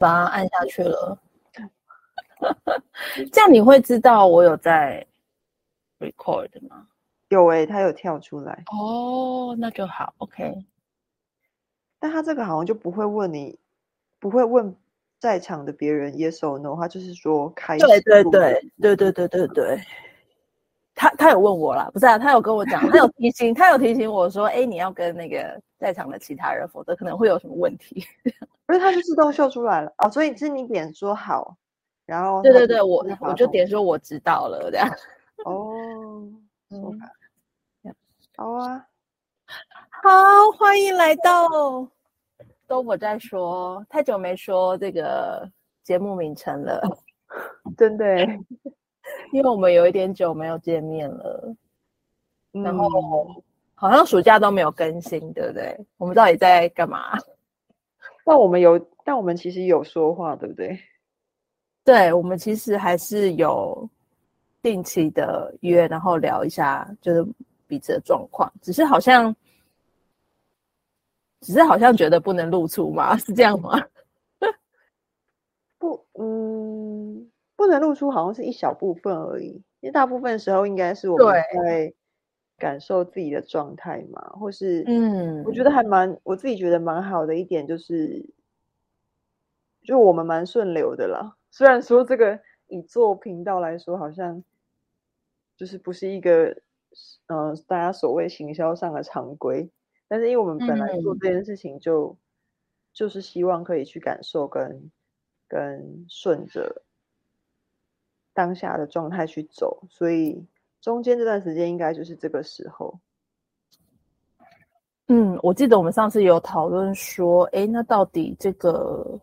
把它按下去了， 這樣你會知道我有在 record 嗎？有誒、欸，他有跳出來哦，那就好，OK。但他這個好像就不會問你，不會問在場的別人 yes or no，他就是說開。對對對對對對對對，他他有問我啦，不是啊，他有跟我講，他有提醒， 他有提醒我說，哎、欸，你要跟那個在場的其他人，否則可能會有什麼問題。所以它就自動秀出來了哦，所以是你點說好，然後對對對，我我就點說我知道了這樣哦，嗯好，好啊，好，歡迎來到都我在說，太久沒說這個節目名稱了，真 的，因為我們有一點久沒有見面了，嗯、然後好像暑假都沒有更新，對不對？我們到底在幹嘛？那我們有，但我們其實有說話，對不對？對，我們其實還是有定期的約，然後聊一下，就是彼此的狀況。只是好像，只是好像覺得不能露出嘛，是這樣嗎？不，嗯，不能露出，好像是一小部分而已。因為大部分時候應該是我們在對。感受自己的狀態嘛，或是嗯，我覺得還蠻我自己覺得蠻好的一點就是，就我們蠻順流的啦。雖然說這個以做頻道來說，好像就是不是一個嗯、呃、大家所謂行銷上的常規，但是因為我們本來做這件事情就、嗯、就是希望可以去感受跟跟順着當下的狀態去走，所以。中間這段時間應該就是這個時候。嗯，我記得我們上次有討論說，誒，那到底這個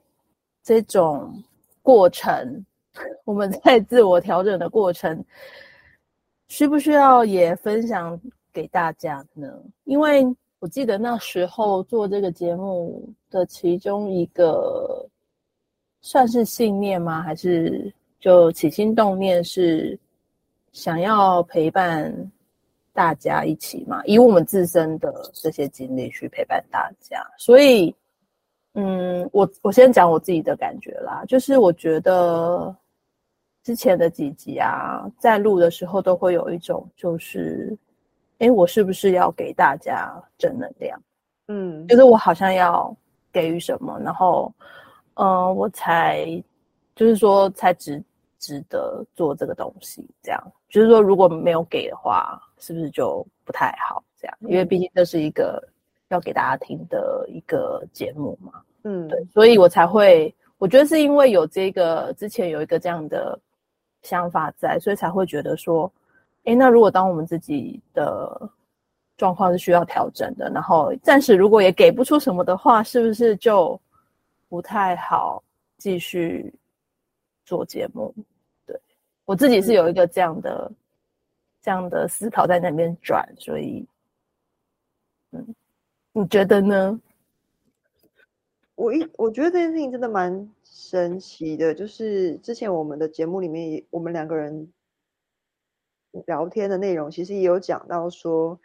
這種過程，我們在自我調整的過程，需不需要也分享給大家呢？因為我記得那時候做這個節目的其中一個算是信念嗎？還是就起心動念是？想要陪伴大家一起嘛，以我們自身的這些經歷去陪伴大家，所以，嗯，我我先講我自己的感覺啦，就是我覺得之前的幾集啊，在錄的時候都會有一種就是，誒，我是不是要給大家正能量？嗯，就是我好像要給予什麼，然後，嗯、呃，我才就是說才值。值得做這個東西，這樣就是說，如果沒有給的話，是不是就不太好？這樣，因為畢竟這是一個要給大家聽的一個節目嘛，嗯，對，所以我才會，我覺得是因為有這個之前有一個這樣的想法在，所以才會覺得說，欸，那如果當我們自己的狀況是需要調整的，然後暫時如果也給不出什麼的話，是不是就不太好繼續做節目？我自己是有一個這樣的、嗯、這樣的思考在那邊轉，所以，嗯，你覺得呢？我一我覺得這件事情真的蠻神奇的，就是之前我們的節目裡面，我們兩個人聊天的內容，其實也有講到說，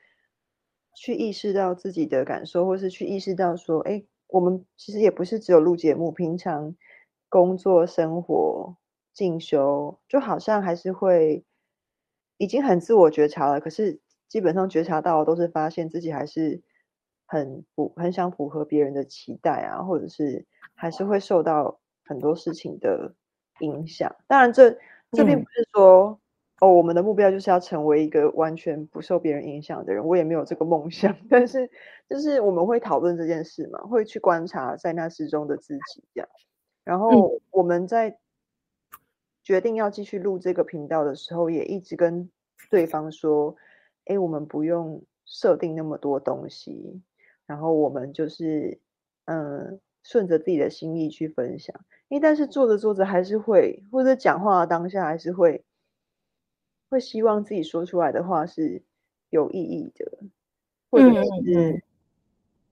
去意識到自己的感受，或是去意識到說，哎，我們其實也不是只有錄節目，平常工作生活。進修就好像還是會，已經很自我覺察了。可是基本上覺察到都是發現自己還是很很想符合別人的期待啊，或者是還是會受到很多事情的影響。當然這，這這並不是說、嗯、哦，我們的目標就是要成為一個完全不受別人影響的人。我也沒有這個夢想。但是就是我們會討論這件事嘛，會去觀察在那時中的自己這樣。然後我們在。嗯決定要繼續錄這個頻道的時候，也一直跟對方說：“哎，我們不用設定那麼多東西，然後我們就是嗯，順着自己的心意去分享。因為但是做着做着還是會，或者講話當下還是會，會希望自己說出來的話是有意義的，或者是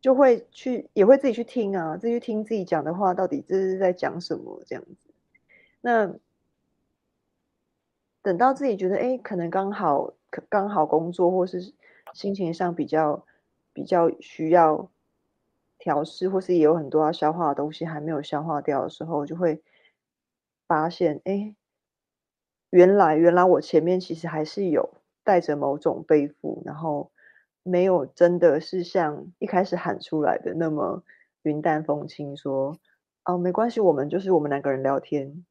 就會去也會自己去聽啊，自己去聽自己講的話到底這是在講什麼這樣子。那。等到自己覺得哎、欸，可能剛好可剛好工作，或是心情上比較比較需要調適，或是也有很多要消化的東西還沒有消化掉的時候，就會發現哎、欸，原來原來我前面其實還是有帶着某種背負，然後沒有真的是像一開始喊出來的那麼雲淡風輕說，說、啊、哦，沒關係，我們就是我們兩個人聊天，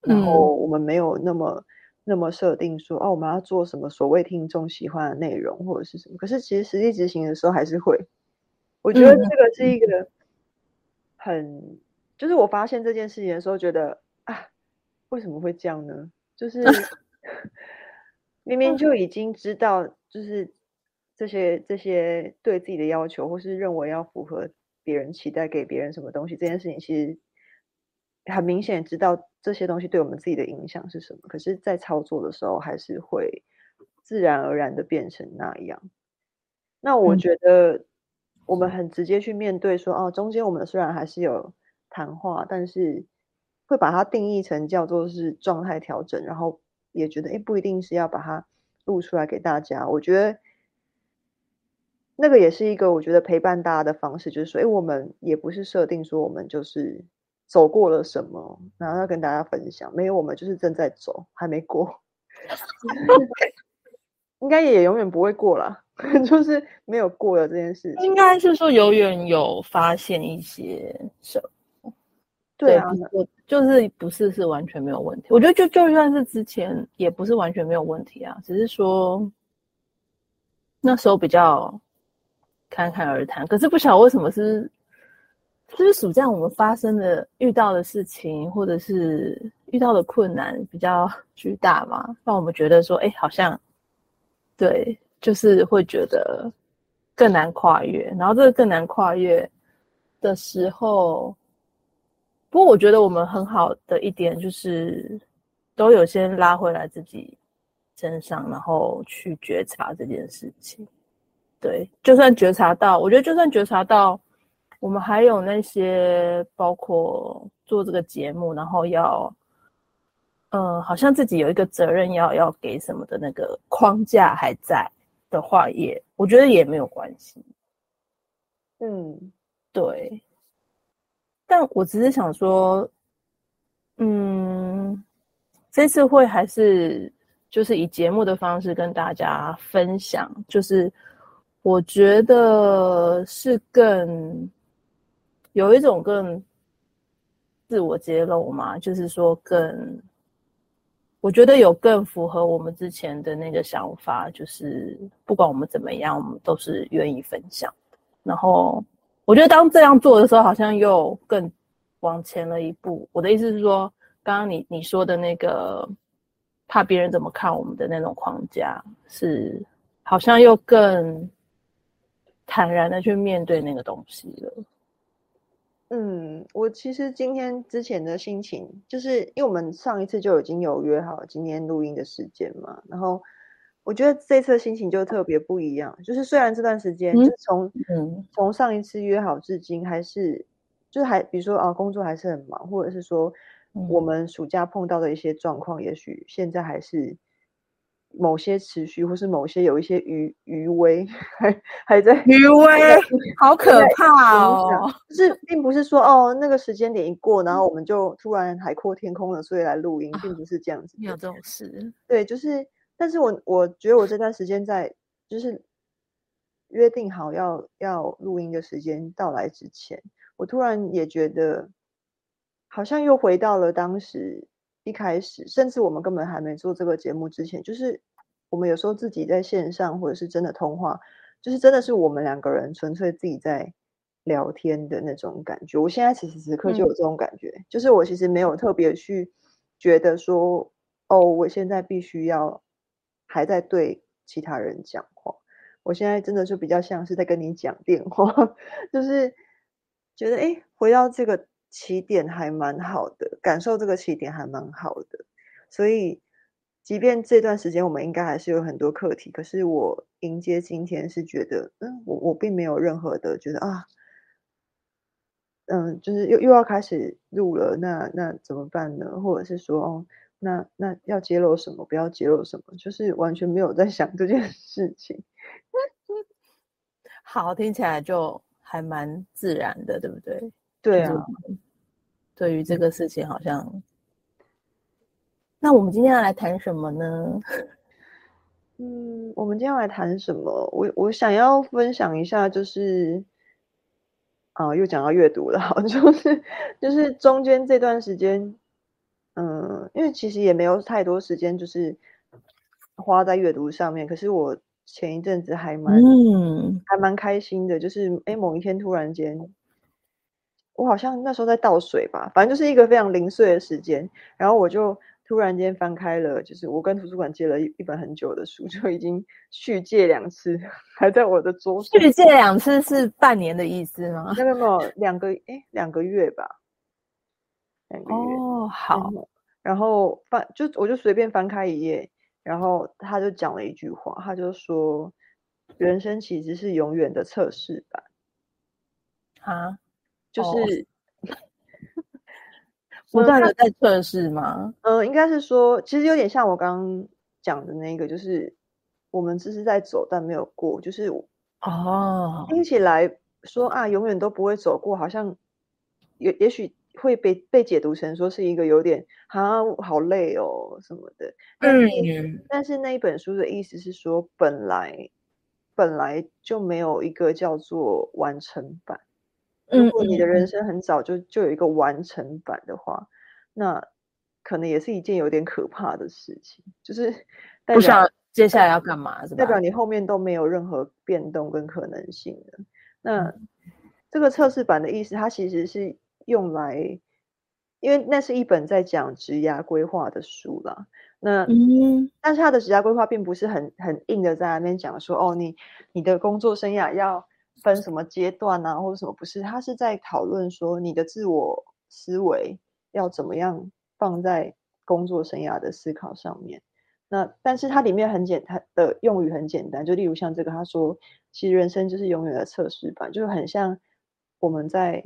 然後我們沒有那麼。那麼設定說哦、啊，我們要做什麼所謂聽眾喜歡的內容或者是什麼？可是其實實際執行的時候還是會，我覺得這個是一個很，嗯、就是我發現這件事情的時候，覺得啊，為什麼會這樣呢？就是、啊、明明就已經知道，就是這些、嗯、這些對自己的要求，或是認為要符合別人期待，給別人什麼東西這件事情，其實很明顯知道。這些東西對我們自己的影響是什麼？可是，在操作的時候，還是會自然而然的變成那樣。那我覺得，我們很直接去面對說，說、啊、哦，中間我們雖然還是有談話，但是會把它定義成叫做是狀態調整，然後也覺得，哎，不一定是要把它錄出來給大家。我覺得，那個也是一個我覺得陪伴大家的方式，就是說，哎，我們也不是設定說我們就是。走過了什麼，然後要跟大家分享。沒有，我們就是正在走，還沒過， 應該也永遠不會過了， 就是沒有過的這件事情。應該是說，永遠有發現一些什麼？對啊，我就是不是是完全沒有問題。我覺得就就算是之前也不是完全沒有問題啊，只是說那時候比較侃侃而談，可是不曉得為什麼是。就是暑假我們發生的、遇到的事情，或者是遇到的困難比較巨大嘛，讓我們覺得說，哎、欸，好像，對，就是會覺得更難跨越。然後這個更難跨越的時候，不過我覺得我們很好的一點就是，都有先拉回來自己身上，然後去覺察這件事情。對，就算覺察到，我覺得就算覺察到。我們還有那些包括做這個節目，然後要，嗯、呃，好像自己有一個責任要要給什麼的那個框架還在的話也，也我覺得也沒有關係。嗯，對。但我只是想說，嗯，這次會還是就是以節目的方式跟大家分享，就是我覺得是更。有一種更自我揭露嘛，就是說更，我覺得有更符合我們之前的那個想法，就是不管我們怎麼樣，我們都是願意分享。然後我覺得當這樣做的時候，好像又更往前了一步。我的意思是說，剛剛你你說的那個怕別人怎麼看我們的那種框架，是好像又更坦然的去面對那個東西了。嗯，我其實今天之前的心情，就是因為我們上一次就已經有約好今天錄音的時間嘛，然後我覺得這次的心情就特別不一樣。就是雖然這段時間，嗯、就是、從、嗯、從上一次約好至今，還是就是還比如說啊，工作還是很忙，或者是說、嗯、我們暑假碰到的一些狀況，也許現在還是。某些持續，或是某些有一些餘餘威還還在。餘威，好可怕哦！ 就是並不是說哦，那個時間點一過，然後我們就突然海闊天空了，所以來錄音，嗯、並不是這樣子。沒有這種事？對，就是。但是我我覺得我這段時間在，就是約定好要要錄音的時間到來之前，我突然也覺得好像又回到了當時。一開始，甚至我們根本還沒做這個節目之前，就是我們有時候自己在線上，或者是真的通話，就是真的是我們兩個人純粹自己在聊天的那種感覺。我現在此時此刻就有這種感覺、嗯，就是我其實沒有特別去覺得說，哦，我現在必須要還在對其他人講話。我現在真的就比較像是在跟你講電話，就是覺得哎、欸，回到這個。起點還蠻好的，感受這個起點還蠻好的，所以即便這段時間我們應該還是有很多課題，可是我迎接今天是覺得，嗯，我我並沒有任何的覺得啊，嗯，就是又又要開始錄了，那那怎麼辦呢？或者是說，哦，那那要揭露什麼？不要揭露什麼？就是完全沒有在想這件事情。 好，聽起來就還蠻自然的，對不對？對啊，對於這個事情，好像。那我們今天要來談什麼呢？嗯，我們今天要來談什麼？我我想要分享一下，就是，啊，又講到閱讀了，好像就是就是中間這段時間，嗯，因為其實也沒有太多時間，就是花在閱讀上面。可是我前一陣子還蠻，嗯、還蠻開心的，就是哎，某一天突然間。我好像那時候在倒水吧，反正就是一個非常零碎的時間。然後我就突然間翻開了，就是我跟圖書館借了一一本很久的書，就已經續借兩次，還在我的桌上。續借兩次是半年的意思嗎？沒有沒有，兩個哎、欸、兩個月吧，兩個月哦，好。然後翻就我就隨便翻開一頁，然後他就講了一句話，他就說：“人生其實是永遠的測試版。”嗯哈。就是、oh. 不斷的在測試嗎？嗯，應該是說，其實有點像我剛剛講的那一個，就是我們只是在走，但沒有過。就是哦，oh. 聽起來說啊，永遠都不會走過，好像也也許會被被解讀成說是一個有點好像、啊、好累哦什麼的。嗯，mm. 但是那一本書的意思是說，本來本來就沒有一個叫做完成版。如果你的人生很早就、嗯嗯、就有一個完成版的話，那可能也是一件有點可怕的事情，就是不知道接下來要幹嘛，是吧？代表你後面都沒有任何變動跟可能性的。那、嗯、這個測試版的意思，它其實是用來，因為那是一本在講職涯規劃的書啦。那嗯，但是他的職涯規劃並不是很很硬的在那邊講說，哦，你你的工作生涯要。分什麼階段啊，或者什麼不是？他是在討論說你的自我思維要怎麼樣放在工作生涯的思考上面。那但是它裡面很簡單的用語很簡單，就例如像這個，他說其實人生就是永遠的測試版，就是很像我們在、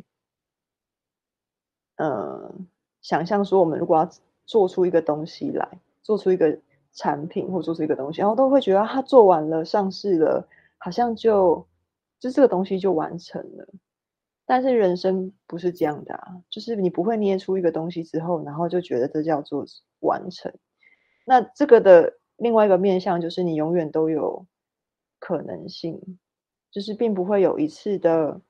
呃、想象說，我們如果要做出一個東西來，做出一個產品或做出一個東西，然後都會覺得他做完了上市了，好像就。就這個東西就完成了，但是人生不是這樣的啊！就是你不會捏出一個東西之後，然後就覺得這叫做完成。那這個的另外一個面向就是，你永遠都有可能性，就是並不會有一次的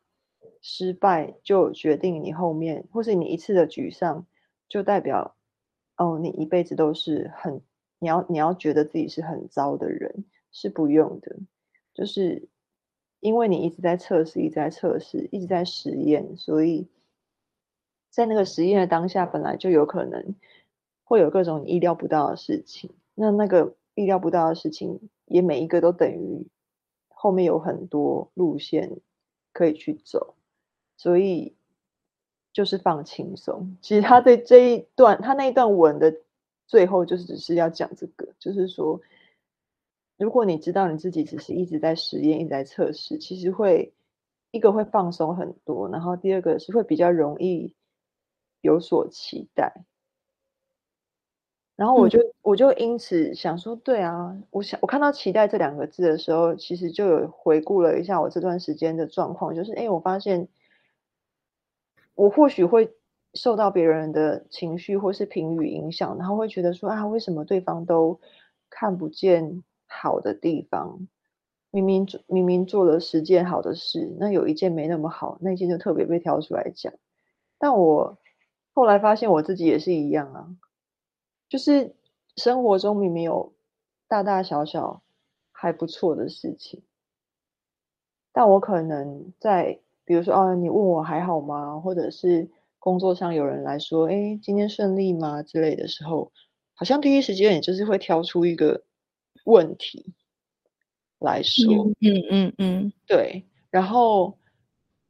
失敗就決定你後面，或是你一次的沮喪就代表哦，你一輩子都是很，你要你要覺得自己是很糟的人，是不用的，就是。因為你一直在測試，一直在測試，一直在實驗，所以在那個實驗的當下，本來就有可能會有各種你意料不到的事情。那那個意料不到的事情，也每一個都等於後面有很多路線可以去走。所以就是放輕鬆。其實他對這一段，他那一段文的最後，就是只是要講這個，就是說。如果你知道你自己只是一直在實驗，一直在測試，其實會一個會放鬆很多，然後第二個是會比較容易有所期待。然後我就、嗯、我就因此想說，對啊，我想我看到“期待”這兩個字的時候，其實就有回顧了一下我這段時間的狀況，就是哎，我發現我或許會受到別人的情緒或是評語影響，然後會覺得說啊，為什麼對方都看不見？好的地方，明明明明做了十件好的事，那有一件沒那麼好，那件就特別被挑出來講。但我後來發現我自己也是一樣啊，就是生活中明明有大大小小還不錯的事情，但我可能在比如說啊，你問我還好嗎？或者是工作上有人來說，哎，今天順利嗎？之類的時候，好像第一時間也就是會挑出一個。問題來說，嗯嗯嗯，對。然後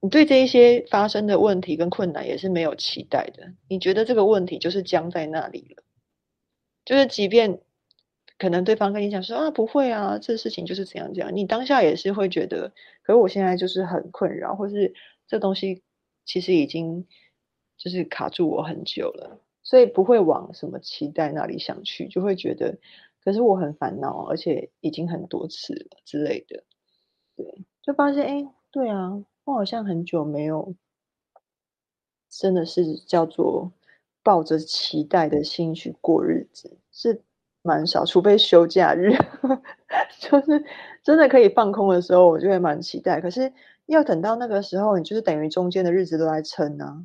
你對這一些發生的問題跟困難也是沒有期待的。你覺得這個問題就是僵在那裡了，就是即便可能對方跟你講說啊，不會啊，這事情就是這樣這樣。你當下也是會覺得，可是我現在就是很困擾，或是這東西其實已經就是卡住我很久了，所以不會往什麼期待那裡想去，就會覺得。可是我很煩惱，而且已經很多次了之類的，對，就發現哎，對啊，我好像很久沒有，真的是叫做抱着期待的心去過日子，是蠻少，除非休假日， 就是真的可以放空的時候，我就會蠻期待。可是要等到那個時候，你就是等於中間的日子都在撐啊。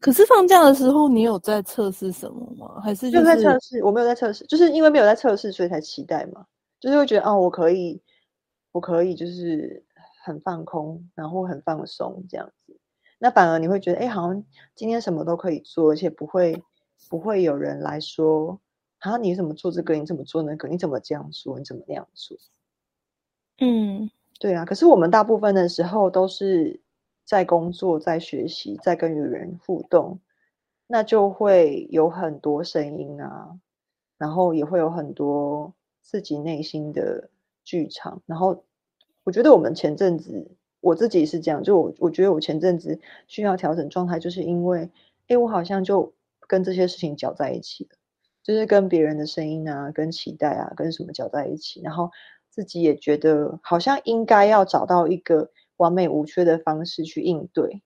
可是放假的時候，你有在測試什麼嗎？還是就在測試？我沒有在測試，就是因為沒有在測試，所以才期待嘛。就是會覺得，哦，我可以，我可以，就是很放空，然後很放鬆這樣子。那反而你會覺得，哎，好像今天什麼都可以做，而且不會不會有人來說，啊，你怎麼做這個？你怎麼做那個？你怎麼這樣說？你怎麼那樣說？嗯，對啊。可是我們大部分的時候都是。在工作，在學習，在跟與人互動，那就會有很多聲音啊，然後也會有很多自己內心的劇場。然後我覺得我們前陣子，我自己是這樣，就我我覺得我前陣子需要調整狀態，就是因為，誒、欸，我好像就跟這些事情攪在一起了，就是跟別人的聲音啊，跟期待啊，跟什麼攪在一起，然後自己也覺得好像應該要找到一個。完美無缺的方式去應對，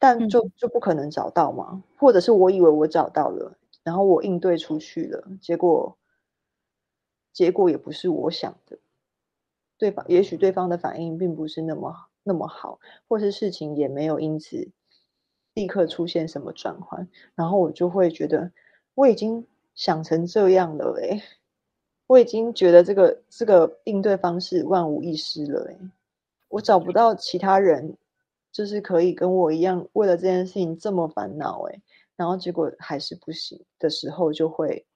但就就不可能找到嘛。嗯。或者是我以為我找到了，然後我應對出去了，結果結果也不是我想的。對方，也許對方的反應並不是那麼那麼好，或是事情也沒有因此立刻出現什麼轉換，然後我就會覺得我已經想成這樣了哎、欸，我已經覺得這個這個應對方式萬無一失了哎、欸，我找不到其他人，就是可以跟我一樣為了這件事情這麼煩惱哎，然後結果還是不行的時候就，就會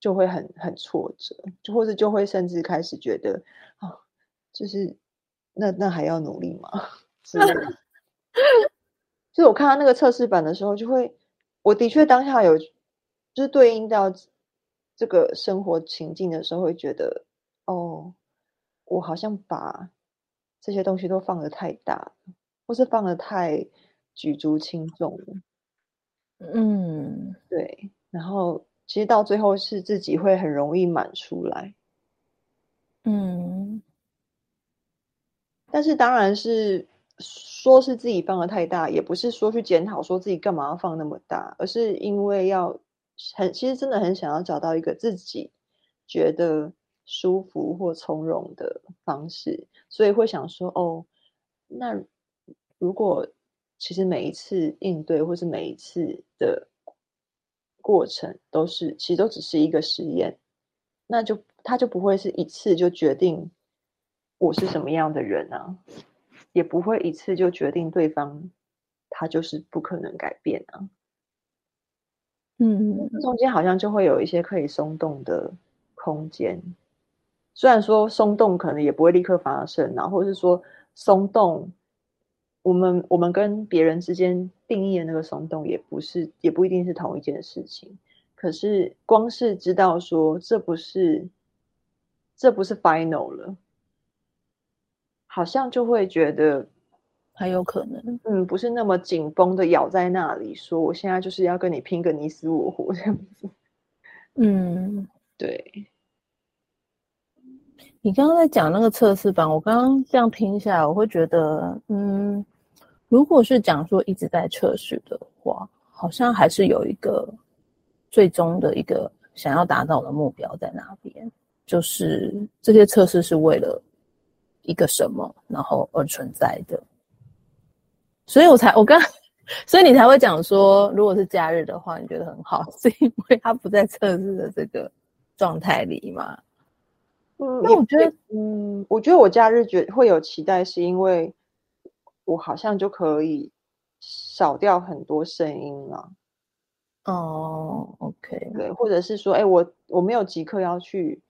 就會很很挫折，就或者就會甚至開始覺得哦，就是那那還要努力嗎？是 就是我看到那個測試版的時候，就會我的確當下有就是對應到這個生活情境的時候，會覺得哦，我好像把。這些東西都放的太大，或是放的太舉足輕重了。嗯，對。然後其實到最後是自己會很容易滿出來。嗯。但是當然是說是自己放的太大，也不是說去檢討說自己幹嘛要放那麼大，而是因為要很，其實真的很想要找到一個自己，覺得。舒服或從容的方式，所以會想說：哦，那如果其實每一次應對或是每一次的過程，都是其實都只是一個實驗，那就它就不會是一次就決定我是什麼樣的人啊，也不會一次就決定對方他就是不可能改變啊。嗯，中間好像就會有一些可以鬆動的空間。雖然說鬆動可能也不會立刻發生啊，然後是說鬆動，我們我們跟別人之間定義的那個鬆動也不是，也不一定是同一件事情。可是光是知道說這不是，這不是 final 了，好像就會覺得還有可能，嗯，不是那麼緊繃的咬在那裡，說我現在就是要跟你拼個你死我活這樣子。嗯，嗯對。你剛剛在講那個測試版，我剛剛這樣聽下來，我會覺得，嗯，如果是講說一直在測試的話，好像還是有一個最終的一個想要達到的目標在那邊，就是這些測試是為了一個什麼然後而存在的，所以我才我剛剛，所以你才會講說，如果是假日的話，你覺得很好，是因為它不在測試的這個狀態裡嗎？嗯，那我覺得，嗯，我覺得我假日覺會有期待，是因為我好像就可以少掉很多聲音了、嗯。哦，OK，對，或者是說，哎、欸，我我沒有即刻要去，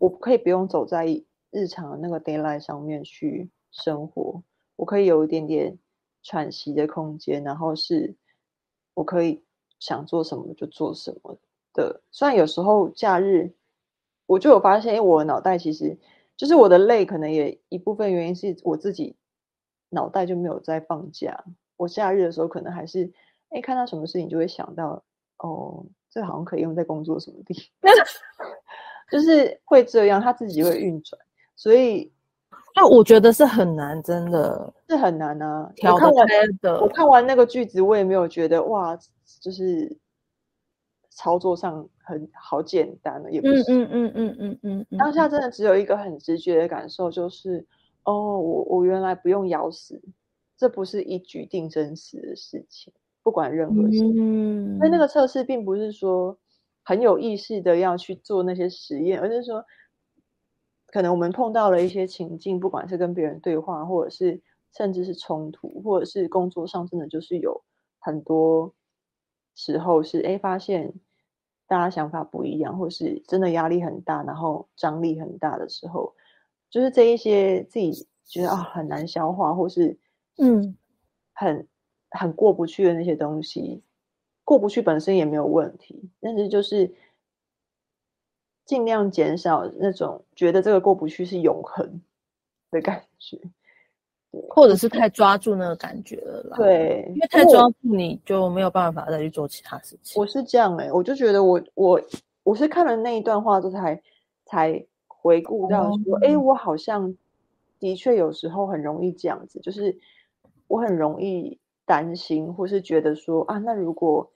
我可以不用走在日常的那個 daylight 上面去生活，我可以有一點點喘息的空間，然後是我可以想做什麼就做什麼的。雖然有時候假日。我就有發現，哎，我腦袋其實就是我的累，可能也一部分原因是我自己腦袋就沒有在放假。我夏日的時候，可能還是哎，看到什麼事情就會想到，哦，這好像可以用在工作什麼地方就， 就是會這樣，他自己會運轉。所以，那、啊、我覺得是很難，真的是很難啊。的的我看完，我看完那個句子，我也沒有覺得哇，就是。操作上很好簡單了，也不是。嗯嗯嗯嗯嗯，嗯。當下真的只有一個很直覺的感受，就是哦，我我原來不用咬死，這不是一局定生死的事情，不管任何事。嗯。那那個測試並不是說很有意識的要去做那些實驗，而是說，可能我們碰到了一些情境，不管是跟別人對話，或者是甚至是衝突，或者是工作上，真的就是有很多時候是哎發現。大家想法不一樣，或是真的壓力很大，然後張力很大的時候，就是這一些自己覺得啊很難消化，或是嗯很很過不去的那些東西，過不去本身也沒有問題，但是就是盡量減少那種覺得這個過不去是永恆的感覺。或者是太抓住那個感覺了啦，對，因為太抓住你就沒有辦法再去做其他事情。我，我是這樣欸，我就覺得我我我是看了那一段話之後才才回顧到說，哎，我好像的確有時候很容易這樣子，就是我很容易擔心，或是覺得說啊，那如果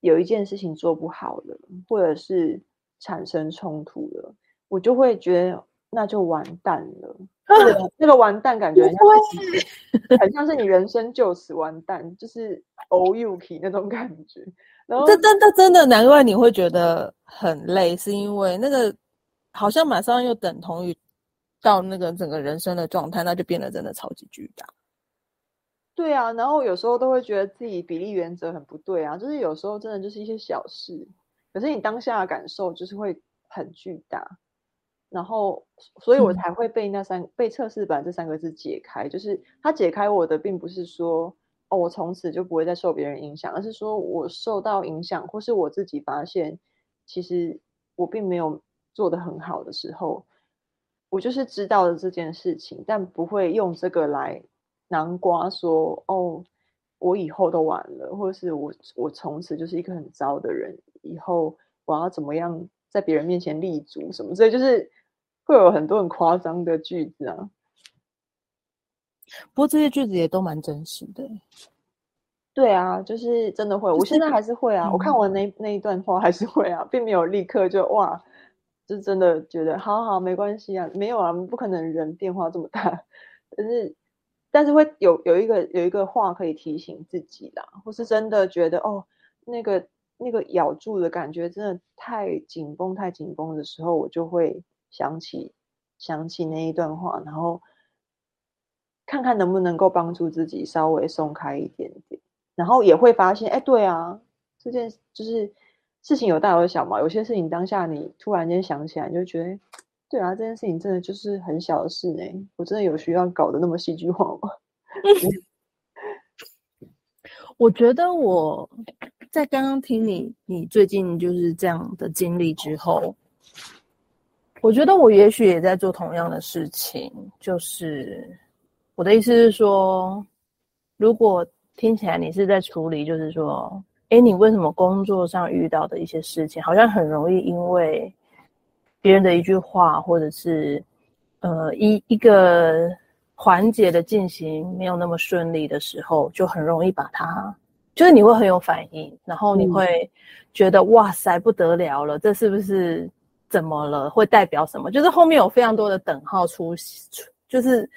有一件事情做不好了，或者是產生衝突了，我就會覺得那就完蛋了。 那個完蛋感覺很， 很像是你人生就此完蛋，就是 o y u k 那種感覺。然後，那那那真的難怪你會覺得很累，是因為那個好像馬上又等同於到那個整個人生的狀態，那就變得真的超級巨大。對啊，然後有時候都會覺得自己比例原則很不對啊，就是有時候真的就是一些小事，可是你當下的感受就是會很巨大。然後，所以我才會被那三、嗯、被測試版這三個字解開。就是他解開我的，並不是說哦，我從此就不會再受別人影響，而是說我受到影響，或是我自己發現，其實我並沒有做得很好的時候，我就是知道了這件事情，但不會用這個來難過說哦，我以後都完了，或是我我從此就是一個很糟的人，以後我要怎麼樣在別人面前立足什麼？所以就是。會有很多很誇張的句子啊，不過這些句子也都蠻真實的。對啊，就是真的會，就是，我現在還是會啊，嗯、我看我那那一段話還是會啊，並沒有立刻就哇，就真的覺得好好沒關係啊，沒有啊，不可能人變化這麼大。但是，但是會有有一個有一個話可以提醒自己啦，啊，或是真的覺得哦，那個那個咬住的感覺真的太緊繃太緊繃的時候，我就會。想起想起那一段話，然後看看能不能夠幫助自己稍微鬆開一點點，然後也會發現，哎，對啊，這件就是事情有大有小嘛。有些事情當下你突然間想起來，你就覺得，對啊，這件事情真的就是很小的事呢、欸。我真的有需要搞得那麼戲劇化嗎？ 我覺得我在剛剛聽你你最近就是這樣的經歷之後。 我覺得我也許也在做同樣的事情，就是我的意思是說，如果聽起來你是在處理，就是說，誒，你為什麼工作上遇到的一些事情，好像很容易因為別人的一句話，或者是呃一一個環節的進行沒有那麼順利的時候，就很容易把它，就是你會很有反應，然後你會覺得、嗯、哇塞，不得了了，這是不是？怎麼了？會代表什麼？就是後面有非常多的等號出出，就是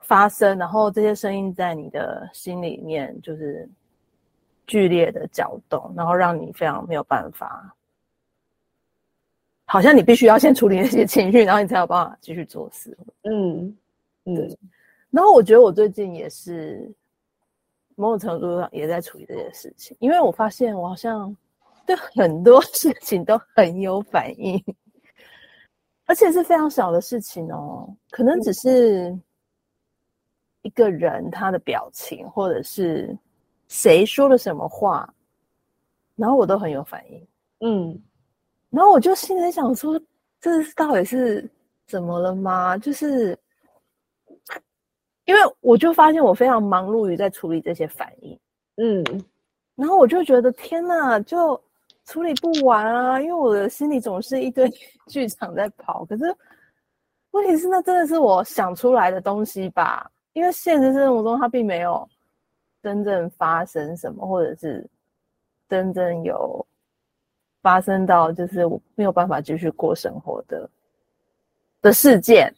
發聲，然後這些聲音在你的心裡面就是劇烈的攪動，然後讓你非常沒有辦法。好像你必須要先處理那些情緒，然後你才有辦法繼續做事。嗯，對，對嗯。然後我覺得我最近也是某種程度上也在處理這件事情，因為我發現我好像。對很多事情都很有反應，而且是非常小的事情哦，可能只是一個人他的表情，或者是誰說了什麼話，然後我都很有反應。嗯，然後我就心裡想說，這到底是怎麼了嗎？就是因為我就發現我非常忙碌於在處理這些反應。嗯，然後我就覺得天哪，就。處理不完啊，因為我的心裡總是一堆劇場在跑。可是問題是，那真的是我想出來的東西吧？因為現實生活中，它並沒有真正發生什麼，或者是真正有發生到就是我沒有辦法繼續過生活的的事件，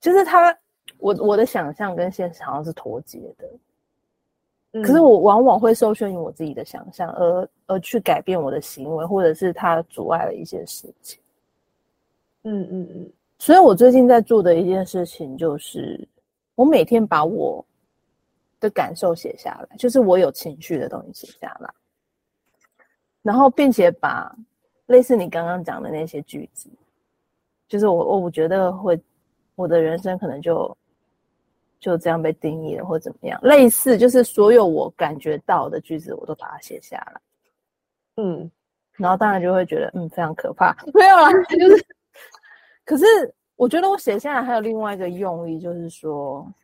就是他，我我的想象跟現實好像是脫節的。可是我往往會受限於我自己的想象、嗯，而而去改變我的行為，或者是它阻礙了一些事情。嗯嗯嗯。所以我最近在做的一件事情就是，我每天把我的感受寫下來，就是我有情緒的東西寫下來，然後並且把類似你剛剛講的那些句子，就是我我我覺得會，我的人生可能就，就這樣被定義了，或怎麼樣？類似就是所有我感覺到的句子，我都把它寫下來。嗯，然後當然就會覺得嗯，非常可怕。沒有啦，就是。 可是我覺得我寫下來還有另外一個用意，就是說，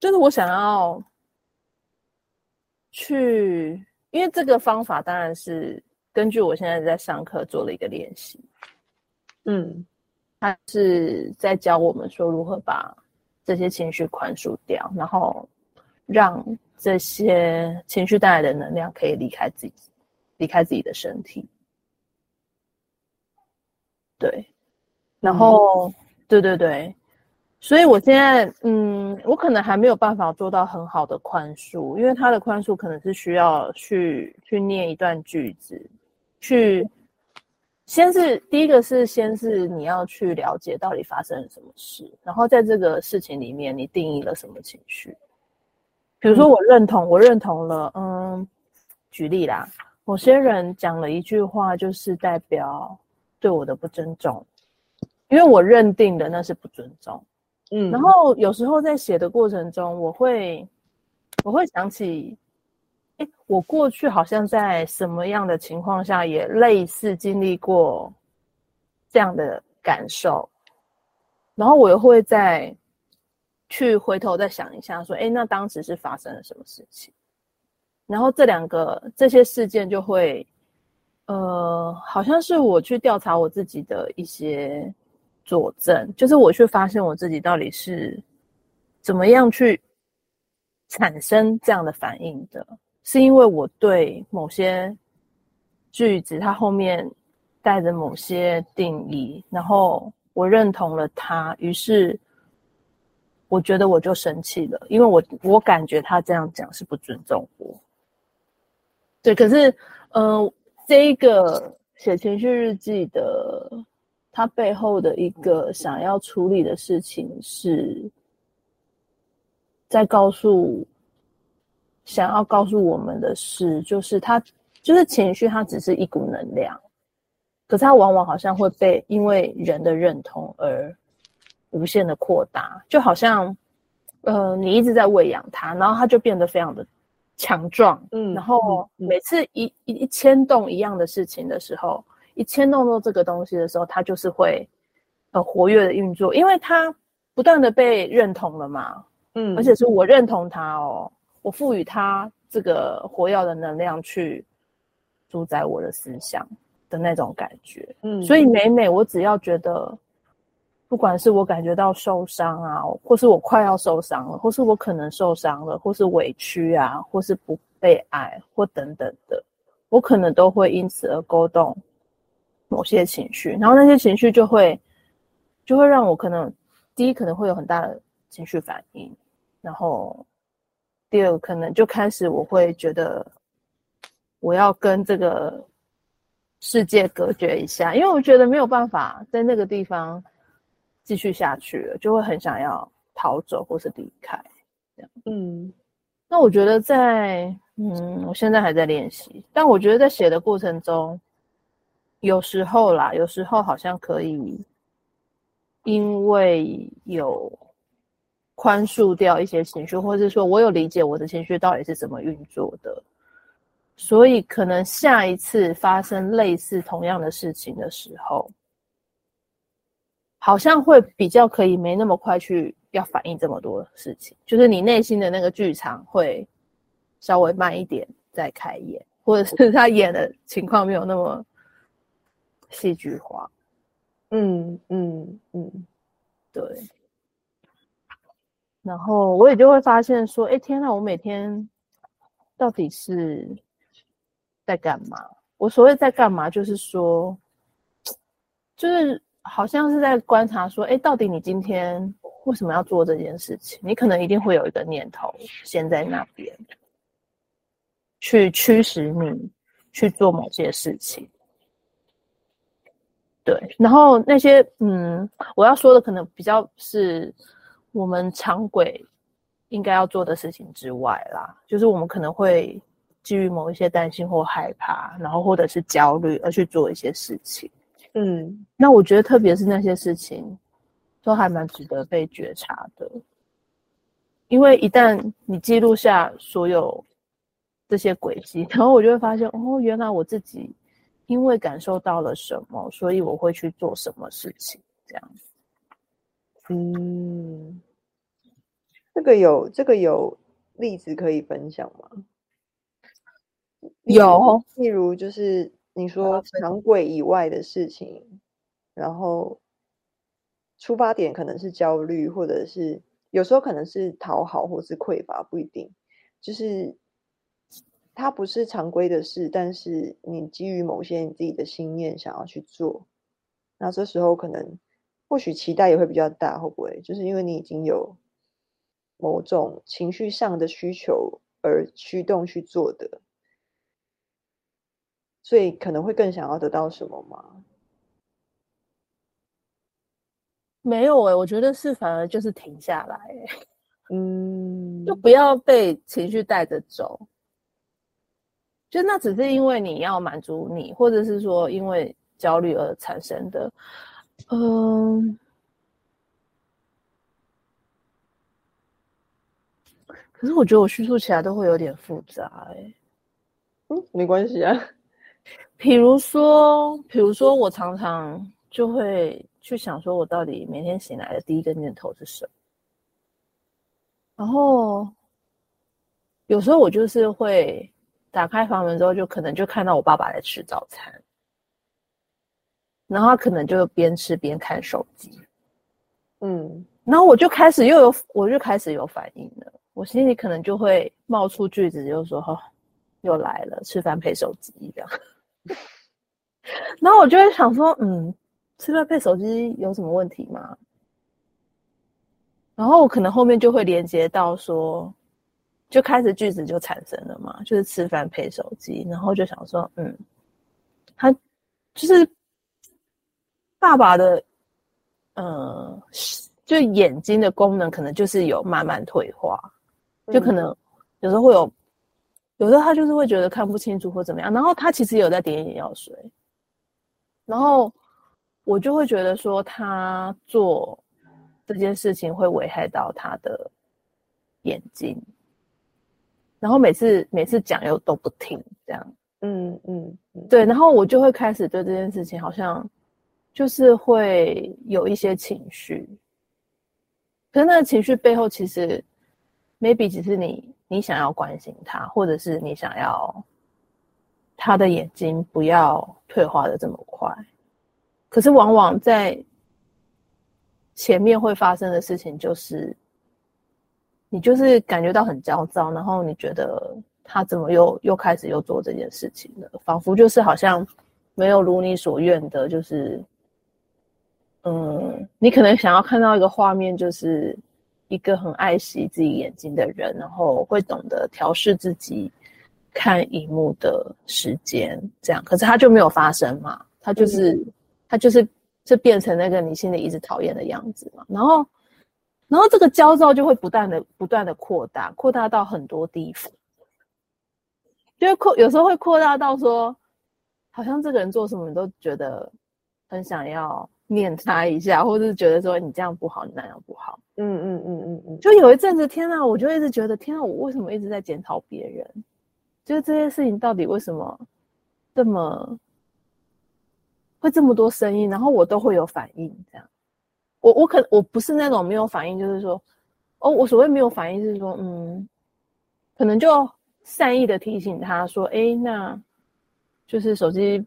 就是我想要去，因為這個方法當然是根據我現在在上課做了一個練習。嗯，他是在教我們說如何把。這些情緒寬恕掉，然後讓這些情緒帶來的能量可以離開自己，離開自己的身體。對，然後、嗯、對對對，所以我現在嗯，我可能還沒有辦法做到很好的寬恕，因為它的寬恕可能是需要去去念一段句子，去。先是第一個是先是你要去了解到底發生了什麼事，然後在這個事情裡面你定義了什麼情緒，比如說我認同、嗯、我認同了，嗯，舉例啦，某些人講了一句話就是代表對我的不尊重，因為我認定的那是不尊重，嗯，然後有時候在寫的過程中我會我會想起。誒，我過去好像在什麼樣的情況下也類似經歷過這樣的感受，然後我又會再去回頭再想一下，說：誒，那當時是發生了什麼事情？然後這兩個這些事件就會，呃，好像是我去調查我自己的一些佐證，就是我去發現我自己到底是怎麼樣去產生這樣的反應的。是因為我對某些句子，它後面帶着某些定義，然後我認同了它，於是我覺得我就生氣了，因為我我感覺他這樣講是不尊重我。對，可是，嗯、呃，這一個寫情緒日記的，它背後的一個想要處理的事情是在告訴。想要告訴我們的是，就是他，就是情緒，它只是一股能量，可是它往往好像會被因為人的認同而無限的擴大，就好像，呃，你一直在餵養它，然後它就變得非常的強壯，嗯，然後每次一、嗯、一一牽動一樣的事情的時候，一牽動到這個東西的時候，它就是會呃活躍的運作，因為它不斷的被認同了嘛，嗯，而且是我認同它哦。我賦予它這個火藥的能量去主宰我的思想的那種感覺，嗯，所以每每我只要覺得，不管是我感覺到受傷啊，或是我快要受傷了，或是我可能受傷了，或是委屈啊，或是不被愛或等等的，我可能都會因此而勾動某些情緒，然後那些情緒就會就會讓我可能第一可能會有很大的情緒反應，然後。第二，可能就開始我會覺得我要跟這個世界隔絕一下，因為我覺得沒有辦法在那個地方繼續下去了，就會很想要逃走或是離開這樣。嗯，那我覺得在嗯，我現在還在練習，但我覺得在寫的過程中，有時候啦，有時候好像可以，因為有。寬恕掉一些情緒，或是說我有理解我的情緒到底是怎麼運作的，所以可能下一次發生類似同樣的事情的時候，好像會比較可以沒那麼快去要反應這麼多事情，就是你內心的那個劇場會稍微慢一點再開演，或者是他演的情況沒有那麼戲劇化。嗯嗯嗯，對。然後我也就會發現說，哎，天吶，我每天到底是在幹嘛？我所謂在幹嘛，就是說，就是好像是在觀察說，哎，到底你今天為什麼要做這件事情？你可能一定會有一個念頭先在那邊，去驅使你去做某些事情。對，然後那些，嗯，我要說的可能比較是。我們常規應該要做的事情之外啦，就是我們可能會基於某一些擔心或害怕，然後或者是焦慮而去做一些事情。嗯，那我覺得特別是那些事情，都還蠻值得被覺察的。因為一旦你記錄下所有這些軌跡，然後我就會發現，哦，原來我自己因為感受到了什麼，所以我會去做什麼事情，這樣子。嗯。這個有這個有例子，可以分享嗎？有，例如就是你說常規以外的事情，然後出發點可能是焦慮，或者是有時候可能是討好，或是匱乏，不一定。就是它不是常規的事，但是你基於某些你自己的心念想要去做，那這時候可能或許期待也會比較大，會不會？就是因為你已經有。某種情緒上的需求而驅動去做的，所以可能會更想要得到什麼嗎？沒有哎、欸，我覺得是反而就是停下來、欸，嗯，就不要被情緒帶着走。就那只是因為你要滿足你，或者是說因為焦慮而產生的，嗯。可是我覺得我敘述起來都會有點複雜，欸，哎，嗯，沒關係啊。比如說，比如說，我常常就會去想，說我到底每天醒來的第一個念頭是什麼。然後有時候我就是會打開房門之後，就可能就看到我爸爸在吃早餐，然後他可能就邊吃邊看手機，嗯，然後我就開始又有，我就開始有反應了。我心裡可能就會冒出句子，就說、哦“哈，又來了，吃飯配手機這樣。” 然後我就會想說：“嗯，吃飯配手機有什麼問題嗎？”然後我可能後面就會連接到說，就開始句子就產生了嘛，就是吃飯配手機，然後就想說：“嗯，他就是爸爸的，嗯、呃，就眼睛的功能可能就是有慢慢退化。”就可能有時候會有、嗯，有時候他就是會覺得看不清楚或怎麼樣，然後他其實有在點眼藥水，然後我就會覺得說他做這件事情會危害到他的眼睛，然後每次每次講又都不聽，這樣，嗯嗯，對，然後我就會開始對這件事情好像就是會有一些情緒，可是那個情緒背後其實。Maybe 只是你你想要關心他，或者是你想要他的眼睛不要退化的這麼快。可是往往在前面會發生的事情，就是你就是感覺到很焦躁，然後你覺得他怎麼又又開始又做這件事情了？仿佛就是好像沒有如你所願的，就是嗯，你可能想要看到一個畫面，就是。一個很愛惜自己眼睛的人，然後會懂得調試自己看熒幕的時間，這樣。可是他就沒有發生嘛，他就是他、嗯、就是就變成那個你心裡一直討厭的樣子嘛。然後，然後這個焦躁就會不斷的不斷的擴大，擴大到很多地方，就會擴有時候會擴大到說，好像這個人做什麼你都覺得很想要念他一下，或是覺得說你這樣不好，你那樣不好，嗯嗯嗯嗯嗯，就有一陣子，天哪，我就一直覺得，天哪，我為什麼一直在檢討別人？就是這件事情到底為什麼這麼會這麼多聲音，然後我都會有反應。這樣，我我可我不是那種沒有反應，就是說，哦，我所謂沒有反應就是說，嗯，可能就善意的提醒他說，誒，那就是手機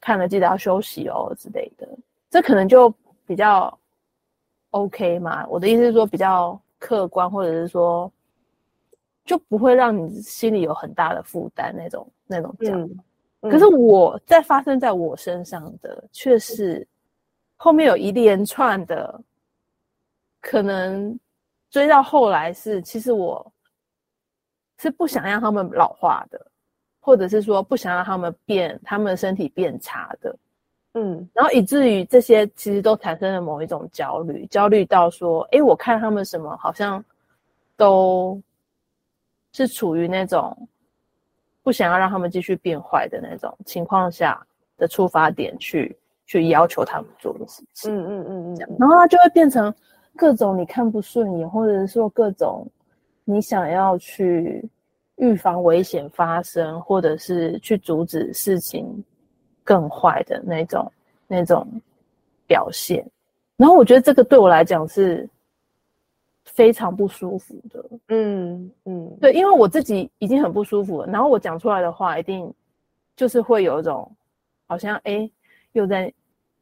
看了記得要休息哦之類的。這可能就比較，OK 嘛？我的意思是說，比較客觀，或者是說，就不會讓你心裡有很大的負擔那種那種這樣、嗯嗯，可是我在發生在我身上的，卻是後面有一連串的，可能追到後來是，其實我是不想讓他們老化的，或者是說不想讓他們變，他們的身體變差的。嗯，然後以至於這些其實都產生了某一種焦慮，焦慮到說，誒，我看他們什麼好像都是處於那種不想要讓他們繼續變壞的那種情況下的出發點去去要求他們做的事情，嗯嗯嗯嗯，然後他就會變成各種你看不順眼，或者是說各種你想要去預防危險發生，或者是去阻止事情。更壞的那種那種表現，然後我覺得這個對我來講是非常不舒服的。嗯嗯，對，因為我自己已經很不舒服了，然後我講出來的話一定就是會有一種好像哎、欸、又在，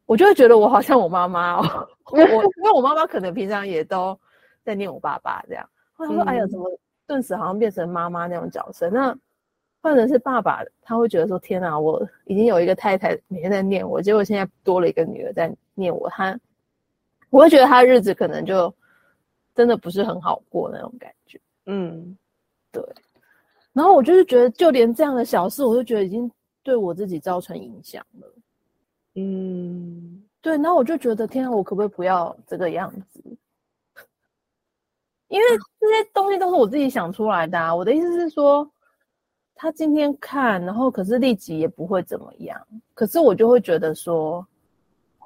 我就會覺得我好像我媽媽哦 我，因為因為我媽媽可能平常也都在念我爸爸這樣，或者說哎呀怎麼頓時好像變成媽媽那種角色，那。換成是爸爸，他會覺得說：“天哪，我已經有一個太太每天在念我，結果現在多了一個女兒在念我。”他，我會覺得他日子可能就真的不是很好過那種感覺。嗯，對。然後我就是覺得，就連這樣的小事，我就覺得已經對我自己造成影響了。嗯，對。然後我就覺得，天哪，我可不可以不要這個樣子？因為這些東西都是我自己想出來的啊，我的意思是說。他今天看，然後可是立即也不會怎麼樣。可是我就會覺得說，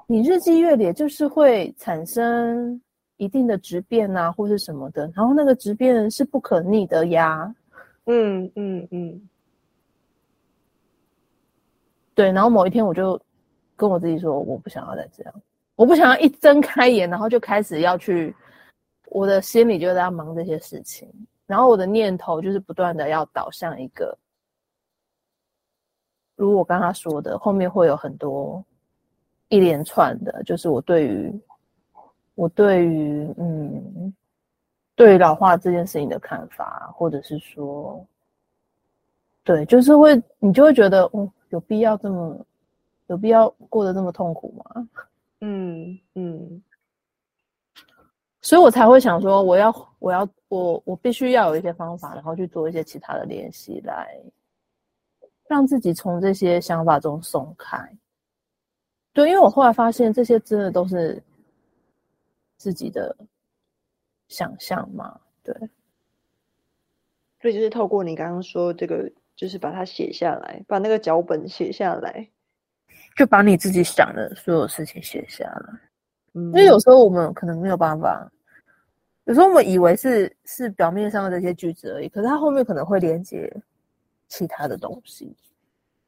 你日積月累就是會產生一定的質變啊，或是什麼的。然後那個質變是不可逆的呀。嗯嗯嗯。對，然後某一天我就跟我自己說，我不想要再這樣，我不想要一睜開眼，然後就開始要去，我的心裡就在忙這些事情。然後我的念頭就是不斷的要導向一個，如我剛剛說的，後面會有很多一連串的，就是我對於我對於嗯，對於老化這件事情的看法，或者是說，對，就是會你就會覺得，嗯、哦，有必要這麼有必要過得這麼痛苦嗎？嗯嗯。所以我才會想說，我要，我要，我我必須要有一些方法，然後去做一些其他的練習，來讓自己從這些想法中鬆開。對，因為我後來發現，這些真的都是自己的想象嘛。對。所以就是透過你剛剛說這個，就是把它寫下來，把那個腳本寫下來，就把你自己想的所有事情寫下來。因為有時候我們可能沒有辦法，有時候我們以為是是表面上的這些句子而已，可是它後面可能會連接其他的東西，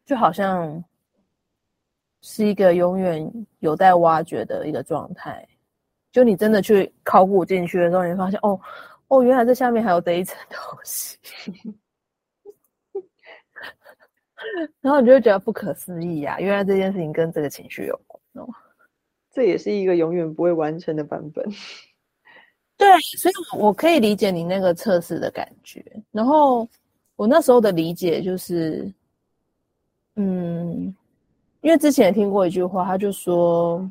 就好像是一個永遠有待挖掘的一個狀態。就你真的去考古進去的時候，你發現哦哦，原來這下面還有這一層東西， 然後你就會覺得不可思議呀、啊！原來這件事情跟這個情緒有關。這也是一個永遠不會完成的版本，對，所以，我我可以理解你那個測試的感覺。然後，我那時候的理解就是，嗯，因為之前也聽過一句話，他就說，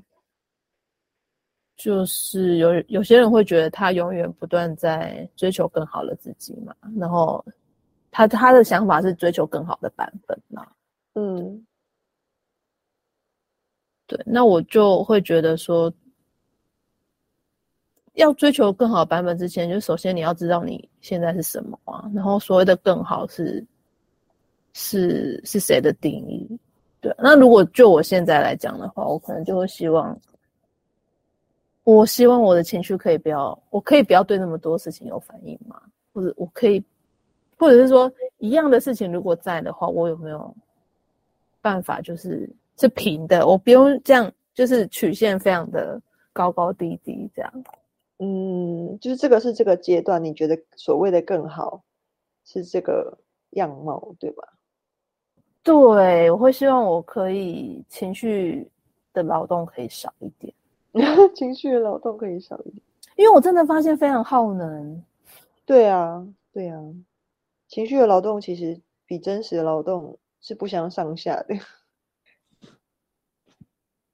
就是有有些人會覺得他永遠不斷在追求更好的自己嘛，然後他他的想法是追求更好的版本嘛，嗯。對，那我就會覺得說，要追求更好的版本之前，就首先你要知道你現在是什麼啊。然後所謂的更好是，是是誰的定義？對，那如果就我現在來講的話，我可能就會希望，我希望我的情緒可以不要，我可以不要對那麼多事情有反應嗎？或者我可以，或者是說一樣的事情，如果在的話，我有沒有辦法就是？是平的，我不用這樣，就是曲線非常的高高低低這樣。嗯，就是這個是這個階段，你覺得所謂的更好是這個樣貌對吧？對，我會希望我可以情緒的勞動可以少一點， 情緒的勞動可以少一點，因為我真的發現非常耗能。對啊，對啊，情緒的勞動其實比真實的勞動是不相上下的。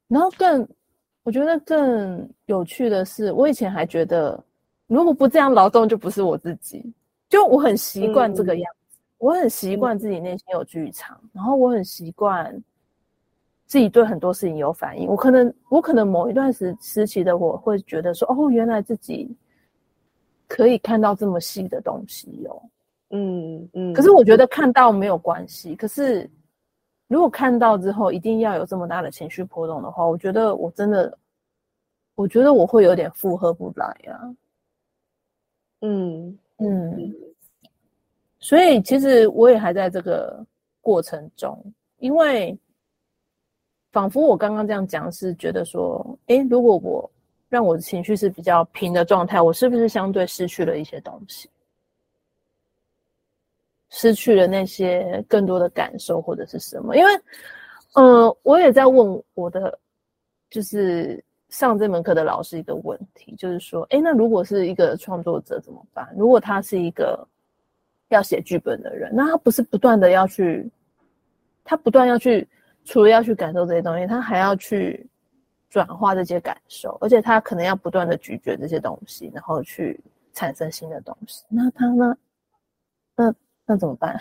然後更，我覺得更有趣的是，我以前還覺得，如果不這樣勞動，就不是我自己。就我很習慣這個樣子，嗯，我很習慣自己內心有劇場，嗯，然後我很習慣自己對很多事情有反應。我可能，我可能某一段時時期的我會覺得說，哦，原來自己可以看到這麼細的東西哦。嗯嗯。可是我覺得看到沒有關係，可是。如果看到之後一定要有這麼大的情緒波動的話，我覺得我真的，我覺得我會有點負荷不來呀。嗯嗯，所以其實我也還在這個過程中，因為仿佛我剛剛這樣講是覺得說，誒，如果我讓我的情緒是比較平的狀態，我是不是相對失去了一些東西？失去了那些更多的感受或者是什麼？因為，呃，我也在問我的，就是上這門課的老師一個問題，就是說，哎，那如果是一個創作者怎麼辦？如果他是一個要寫劇本的人，那他不是不斷的要去，他不斷要去，除了要去感受這些東西，他還要去轉化這些感受，而且他可能要不斷的咀嚼這些東西，然後去產生新的東西。那他呢？那？那怎麼辦？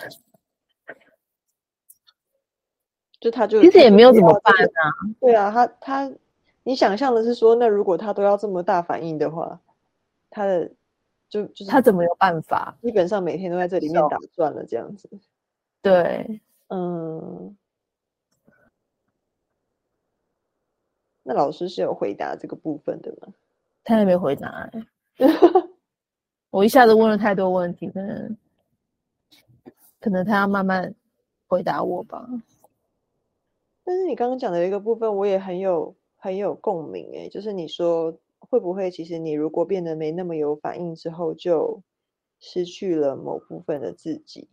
就他就其實也,就也沒有怎麼辦啊。這個、對啊，他他，你想象的是說，那如果他都要這麼大反應的話，他的就就是他怎麼有辦法？基本上每天都在這裡面打轉了，這樣子。對，嗯。那老師是有回答這個部分的嗎？他還沒回答、欸。 我一下子問了太多問題，可能。可能他要慢慢回答我吧。但是你剛剛講的一個部分，我也很有很有共鳴欸，就是你說會不會，其實你如果變得沒那麼有反應之後，就失去了某部分的自己，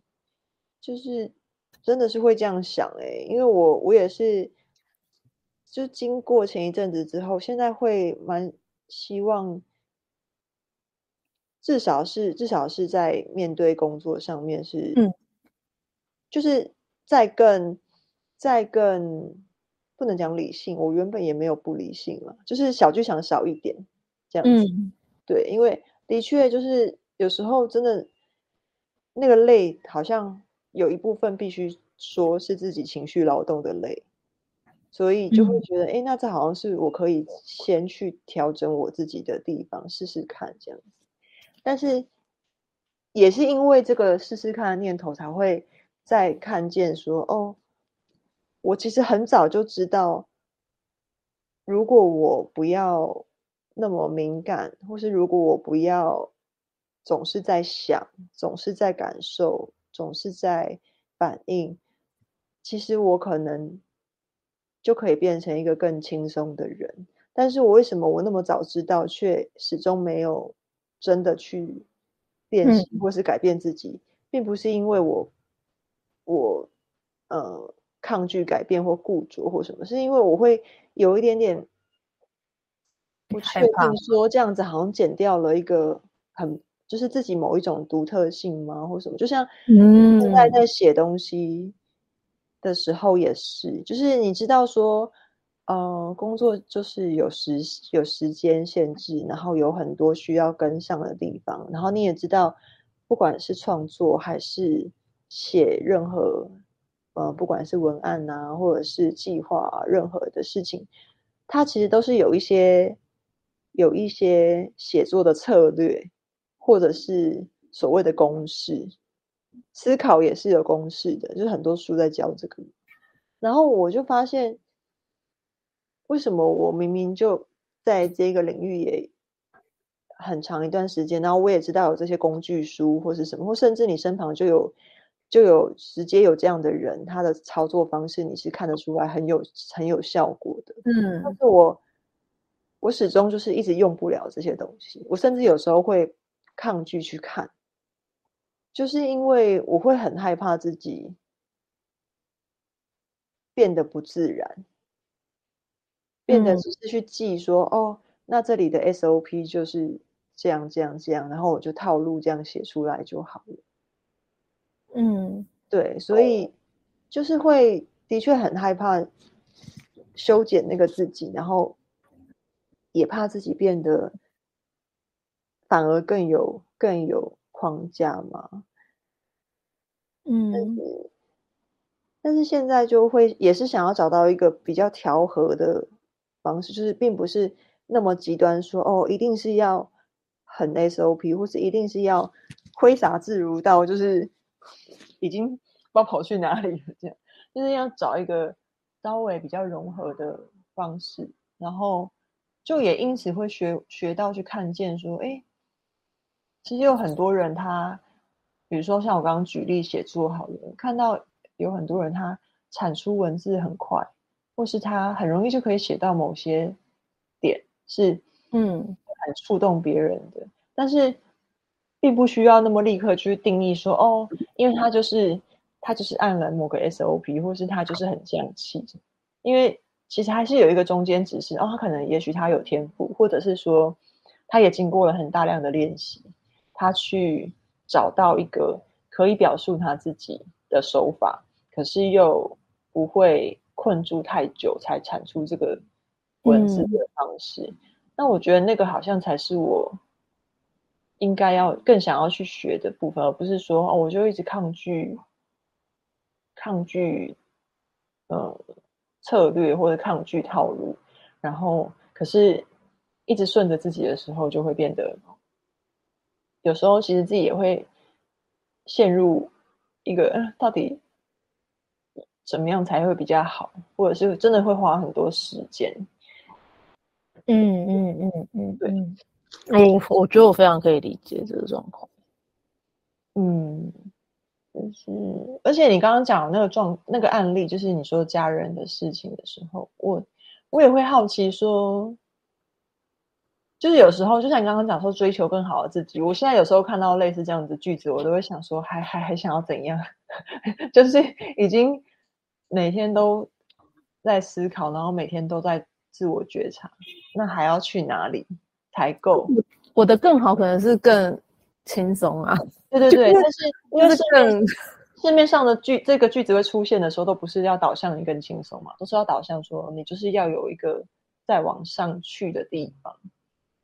就是真的是會這樣想欸，因為我我也是，就經過前一陣子之後，現在會蠻希望，至少是至少是在面對工作上面是。嗯。就是再更，再更不能講理性。我原本也沒有不理性了，就是小劇場少一點這樣子，嗯。對，因為的確就是有時候真的那個累，好像有一部分必須說是自己情緒勞動的累，所以就會覺得，哎，嗯，那這好像是我可以先去調整我自己的地方，試試看這樣子。但是也是因為這個試試看的念頭才會。再看見說，哦，我其實很早就知道，如果我不要那麼敏感，或是如果我不要總是在想、總是在感受、總是在反應，其實我可能就可以變成一個更輕鬆的人。但是我為什麼我那麼早知道，卻始終沒有真的去練習或是改變自己，嗯、並不是因為我。我呃，抗拒改變或固着或什麼，是因為我會有一點點不確定，說這樣子好像剪掉了一個很就是自己某一種獨特性嗎？或什麼？就像現在在寫東西的時候也是，嗯、就是你知道說呃，工作就是有時有時間限制，然後有很多需要跟上的地方，然後你也知道不管是創作還是。寫任何，呃，不管是文案啊，或者是計劃啊，任何的事情，它其實都是有一些，有一些寫作的策略，或者是所謂的公式。思考也是有公式的，就是很多書在教這個。然後我就發現，為什麼我明明就在這個領域也很長一段時間，然後我也知道有這些工具書或是什麼，或甚至你身旁就有。就有直接有這樣的人，他的操作方式你是看得出來很有很有效果的。嗯，但是我我始終就是一直用不了這些東西，我甚至有時候會抗拒去看，就是因為我會很害怕自己變得不自然，變得只是去記說、嗯、哦，那這裡的 SOP 就是這樣這樣這樣，然後我就套路這樣寫出來就好了。嗯，對，所以就是會的確很害怕修剪那個自己，然後也怕自己變得反而更有更有框架嘛。嗯，但，但是現在就會也是想要找到一個比較調和的方式，就是並不是那麼極端說，說哦，一定是要很 SOP，或是一定是要揮灑自如到就是。已經不知道跑去哪裡了，這樣就是要找一個稍微比較融合的方式，然後就也因此會學學到去看見說，哎，其實有很多人他，比如說像我剛剛舉例寫作好了，看到有很多人他產出文字很快，或是他很容易就可以寫到某些點是，嗯，很觸動別人的，但是。並不需要那麼立刻去定義說哦，因為他就是他就是按了某個 SOP，或是他就是很匠氣，因為其實還是有一個中間值，是哦，他可能也許他有天賦，或者是說他也經過了很大量的練習，他去找到一個可以表述他自己的手法，可是又不會困住太久才產出這個文字的方式。嗯。那我覺得那個好像才是我。應該要更想要去學的部分，而不是說，哦，我就一直抗拒、抗拒、呃，策略或者抗拒套路。然後，可是一直順着自己的時候，就會變得有時候其實自己也會陷入一個，啊，到底怎麼樣才會比較好，或者是真的會花很多時間。嗯嗯嗯嗯，嗯，對。我我覺得我非常可以理解這個狀況，嗯，就是而且你剛剛講那個狀那個案例，就是你說家人的事情的時候，我我也會好奇說，就是有時候就像你剛剛講說追求更好的自己，我現在有時候看到類似這樣子的句子，我都會想說，還還還想要怎樣？ 就是已經每天都在思考，然後每天都在自我覺察，那還要去哪裡？才夠，我的更好可能是更輕鬆啊。對對對， 就是、但是因為市、就是更市面上的句，這個句子會出現的時候，都不是要導向你更輕鬆嘛，都是要導向說你就是要有一個再往上去的地方，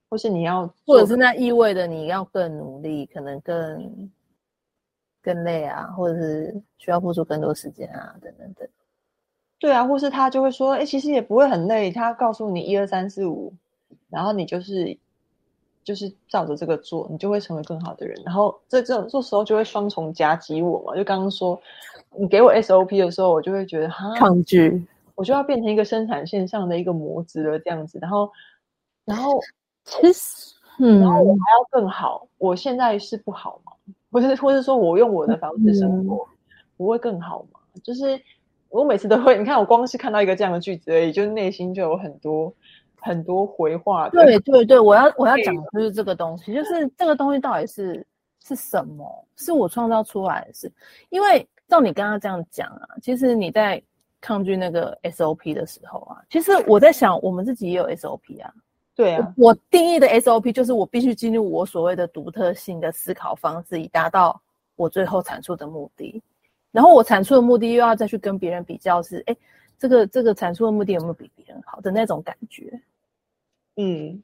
或是你要，或者是那意味着你要更努力，可能更更累啊，或者是需要付出更多時間啊，等等等。對啊，或是他就會說，哎、欸，其實也不會很累。他告訴你一二三四五。然後你就是，就是照着這個做，你就會成為更好的人。然後在這這種時候就會雙重夾擊我嘛。就剛剛說，你給我 SOP 的時候，我就會覺得哈，抗拒，我就要變成一個生產線上的一個模子了這樣子。然後，然後其實、嗯，然後我還要更好。我現在是不好嗎？或是，或者說，我用我的房子生活，嗯、不會更好嗎？就是我每次都會，你看我光是看到一個這樣的句子而已，就內心就有很多。很多回話，對，對對對，我要我要講的就是這個東西，就是這個東西到底是是什麼？是我創造出來的？是？因為照你剛剛這樣講啊，其實你在抗拒那個 SOP 的時候啊，其實我在想，我們自己也有 SOP 啊。對啊我，我定義的 SOP 就是我必須進入我所謂的獨特性的思考方式，以達到我最後產出的目的。然後我產出的目的又要再去跟別人比較是，是哎，這個這個產出的目的有沒有比別人好的那種感覺？嗯，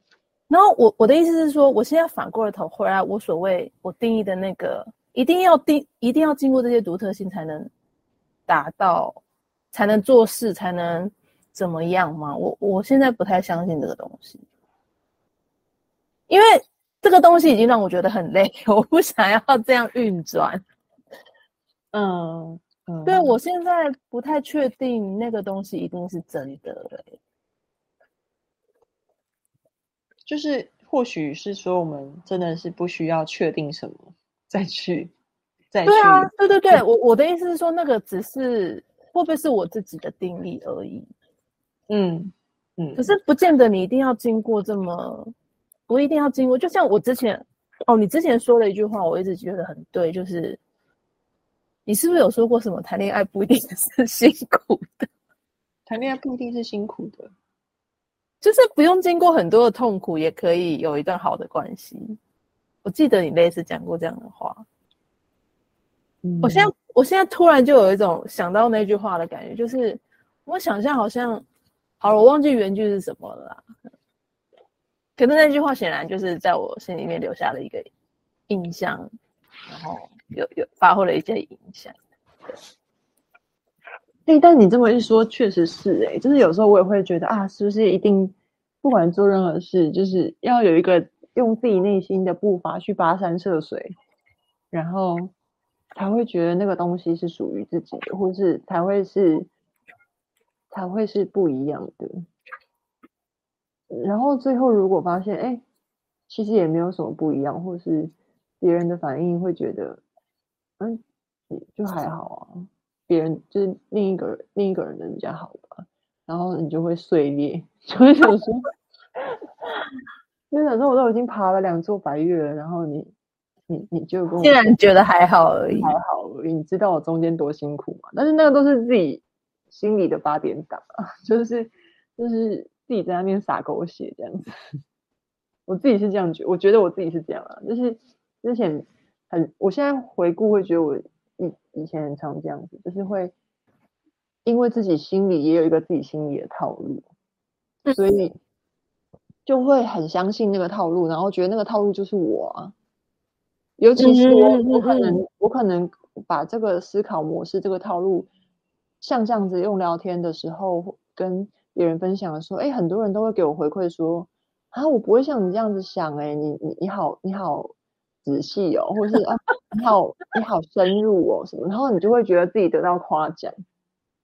然後我我的意思是說，我現在反過了頭，回來我所謂我定義的那個，一定要定，一定要經過這些獨特性才能達到，才能做事，才能怎麼樣嗎？我我現在不太相信這個東西，因為這個東西已經讓我覺得很累，我不想要這樣運轉。嗯，對，嗯，我現在不太確定那個東西一定是真的，哎。就是，或許是說，我們真的是不需要確定什麼再去，再去。對啊，對對對， 我我的意思是說，那個只是會不會是我自己的定義而已。嗯嗯。可是不見得你一定要經過這麼，不一定要經過。就像我之前，哦，你之前說了一句話，我一直覺得很對，就是，你是不是有說過什麼？談戀愛不一定是辛苦的，談 戀愛不一定是辛苦的。就是不用經過很多的痛苦，也可以有一段好的關係。我記得你類似講過這樣的話。嗯。我現在，我現在突然就有一種想到那句話的感覺，就是我想象好像，好了，我忘記原句是什麼了。可是那句話顯然就是在我心裡面留下了一個印象，然後有有發揮了一些影響。欸，但你這麼一說，確實是哎，欸，就是有時候我也會覺得啊，是不是一定不管做任何事，就是要有一個用自己內心的步伐去跋山涉水，然後才會覺得那個東西是屬於自己的，或是才會是才會是不一樣的。然後最後如果發現哎，欸，其實也沒有什麼不一樣，或是別人的反應會覺得嗯，就還好啊。別人就是另一個人，另一個人的比較好吧，然後你就會碎裂，就會、是、 想說，因為我都已經爬了兩座白月了，然後你，你你就跟我。竟然覺得還好而已，還好而已，你知道我中間多辛苦嗎？但是那個都是自己心裡的八點檔啊，就是就是自己在那邊撒狗血這樣子，我自己是這樣覺，我覺得我自己是這樣啊，就是之前很，我現在回顧會覺得我。以以前很常這樣子，就是會因為自己心裡也有一個自己心裡的套路，所以就會很相信那個套路，然後覺得那個套路就是我啊。尤其是我，我可能 我可能把這個思考模式、這個套路像這樣子用聊天的時候跟別人分享的時候，哎、欸，很多人都會給我回饋說：“啊，我不會像你這樣子想，欸，哎，你你你好，你好。”仔細哦，或是啊，你好，你好深入哦，什麼，然後你就會覺得自己得到誇獎，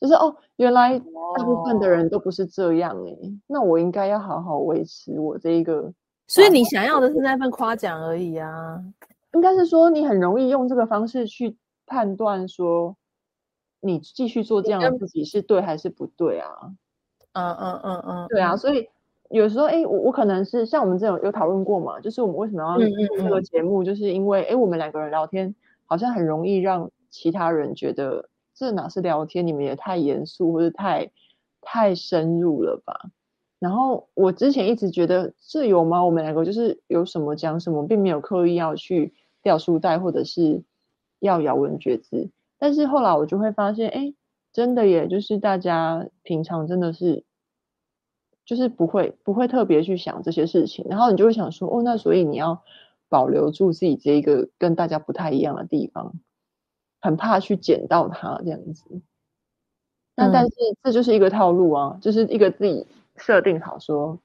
就是哦，原來大部分的人都不是這樣哎、欸、哦，那我應該要好好維持我這一個，所以你想要的是那份誇獎而已啊，啊應該是說你很容易用這個方式去判斷說你繼續做這樣自己是對還是不對啊，嗯嗯嗯嗯，對啊，所以。有時候，哎、欸，我我可能是像我們這種有討論過嘛，就是我們為什麼要錄這個節目，嗯嗯嗯，就是因為，哎、欸，我們兩個人聊天好像很容易讓其他人覺得這哪是聊天，你們也太嚴肅或者太太深入了吧。然後我之前一直覺得是有嗎？我們兩個就是有什麼講什麼，並沒有刻意要去掉書袋或者是要咬文嚼字。但是後來我就會發現，哎、欸，真的耶，也就是大家平常真的是。就是不會不會特別去想這些事情，然後你就會想說，哦，那所以你要保留住自己這一個跟大家不太一樣的地方，很怕去撿到它這樣子。那、嗯、但是這就是一個套路啊，就是一個自己設定好說，